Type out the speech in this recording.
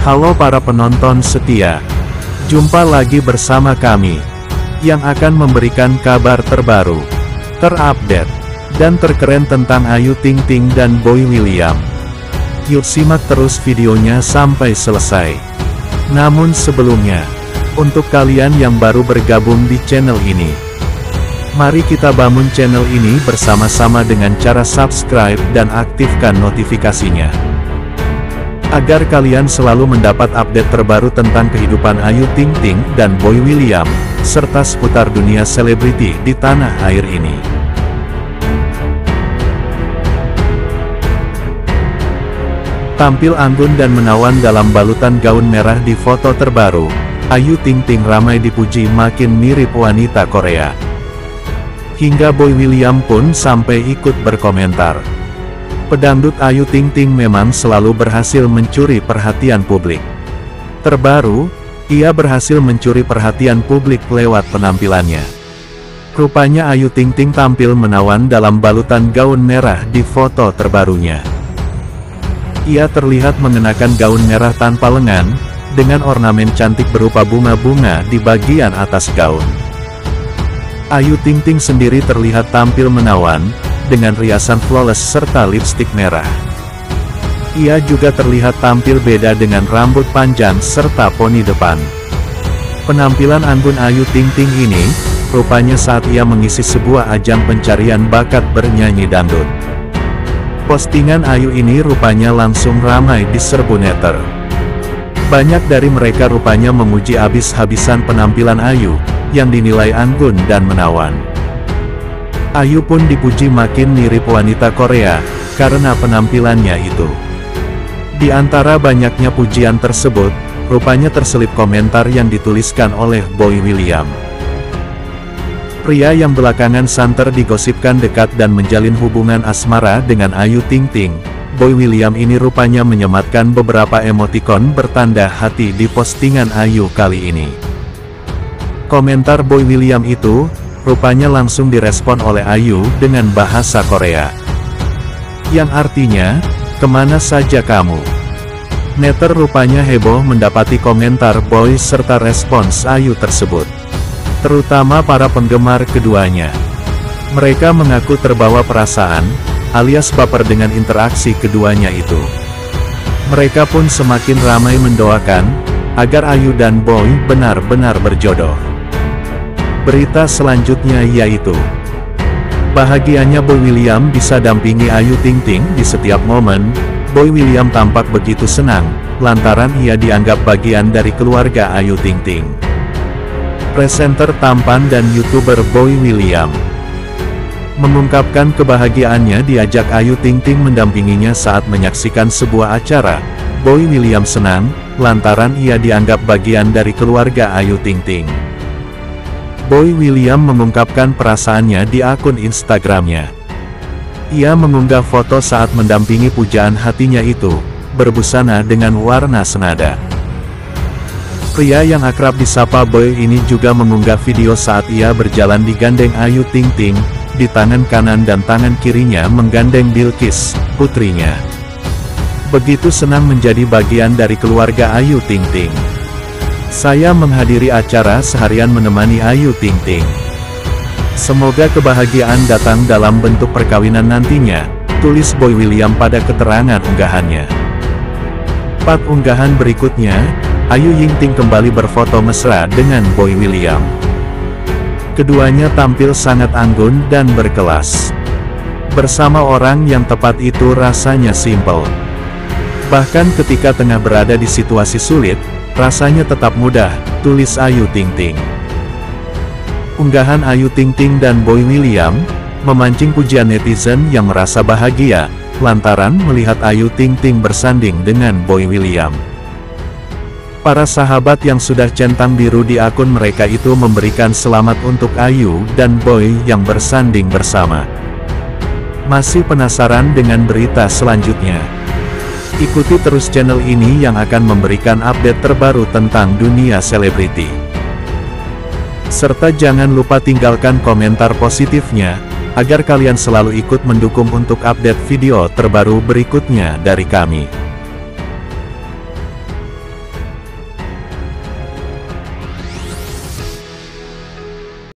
Halo para penonton setia. Jumpa lagi bersama kami. Yang akan memberikan kabar terbaru. Terupdate. Dan terkeren tentang Ayu Ting Ting dan Boy William. Yuk simak terus videonya sampai selesai. Namun sebelumnya. Untuk kalian yang baru bergabung di channel ini. Mari kita bangun channel ini bersama-sama dengan cara subscribe dan aktifkan notifikasinya agar kalian selalu mendapat update terbaru tentang kehidupan Ayu Ting Ting dan Boy William, serta seputar dunia selebriti di tanah air ini. Tampil anggun dan menawan dalam balutan gaun merah di foto terbaru, Ayu Ting Ting ramai dipuji makin mirip wanita Korea. Hingga Boy William pun sampai ikut berkomentar. Pedangdut Ayu Ting Ting memang selalu berhasil mencuri perhatian publik. Terbaru, ia berhasil mencuri perhatian publik lewat penampilannya. Rupanya Ayu Ting Ting tampil menawan dalam balutan gaun merah di foto terbarunya. Ia terlihat mengenakan gaun merah tanpa lengan, dengan ornamen cantik berupa bunga-bunga di bagian atas gaun. Ayu Ting Ting sendiri terlihat tampil menawan, dengan riasan flawless serta lipstick merah. Ia juga terlihat tampil beda dengan rambut panjang serta poni depan. Penampilan anggun Ayu Ting Ting ini, rupanya saat ia mengisi sebuah ajang pencarian bakat bernyanyi dangdut. Postingan Ayu ini rupanya langsung ramai di serbu netter. Banyak dari mereka rupanya menguji habis-habisan penampilan Ayu, yang dinilai anggun dan menawan. Ayu pun dipuji makin mirip wanita Korea, karena penampilannya itu. Di antara banyaknya pujian tersebut, rupanya terselip komentar yang dituliskan oleh Boy William. Pria yang belakangan santer digosipkan dekat dan menjalin hubungan asmara dengan Ayu Ting Ting, Boy William ini rupanya menyematkan beberapa emotikon bertanda hati di postingan Ayu kali ini. Komentar Boy William itu, rupanya langsung direspon oleh Ayu dengan bahasa Korea. Yang artinya, kemana saja kamu? Netter rupanya heboh mendapati komentar Boy serta respons Ayu tersebut. Terutama para penggemar keduanya. Mereka mengaku terbawa perasaan, alias baper dengan interaksi keduanya itu. Mereka pun semakin ramai mendoakan, agar Ayu dan Boy benar-benar berjodoh. Berita selanjutnya yaitu Bahagianya Boy William bisa dampingi Ayu Ting Ting di setiap momen, Boy William tampak begitu senang, lantaran ia dianggap bagian dari keluarga Ayu Ting Ting. Presenter tampan dan YouTuber Boy William mengungkapkan kebahagiaannya diajak Ayu Ting Ting mendampinginya saat menyaksikan sebuah acara. Boy William senang, lantaran ia dianggap bagian dari keluarga Ayu Ting Ting. Boy William mengungkapkan perasaannya di akun Instagramnya. Ia mengunggah foto saat mendampingi pujaan hatinya itu, berbusana dengan warna senada. Pria yang akrab disapa Boy ini juga mengunggah video saat ia berjalan di gandeng Ayu Ting Ting, di tangan kanan dan tangan kirinya menggandeng Bilkis, putrinya. Begitu senang menjadi bagian dari keluarga Ayu Ting Ting. Saya menghadiri acara seharian menemani Ayu Ting Ting. Semoga kebahagiaan datang dalam bentuk perkawinan nantinya, tulis Boy William pada keterangan unggahannya. Part unggahan berikutnya, Ayu Ying Ting kembali berfoto mesra dengan Boy William. Keduanya tampil sangat anggun dan berkelas. Bersama orang yang tepat itu rasanya simpel. Bahkan ketika tengah berada di situasi sulit, Rasanya tetap mudah, tulis Ayu Ting Ting. Unggahan Ayu Ting Ting dan Boy William, memancing pujian netizen yang merasa bahagia, lantaran melihat Ayu Ting Ting bersanding dengan Boy William. Para sahabat yang sudah centang biru di akun mereka itu memberikan selamat untuk Ayu dan Boy yang bersanding bersama. Masih penasaran dengan berita selanjutnya? Ikuti terus channel ini yang akan memberikan update terbaru tentang dunia selebriti. Serta jangan lupa tinggalkan komentar positifnya, agar kalian selalu ikut mendukung untuk update video terbaru berikutnya dari kami.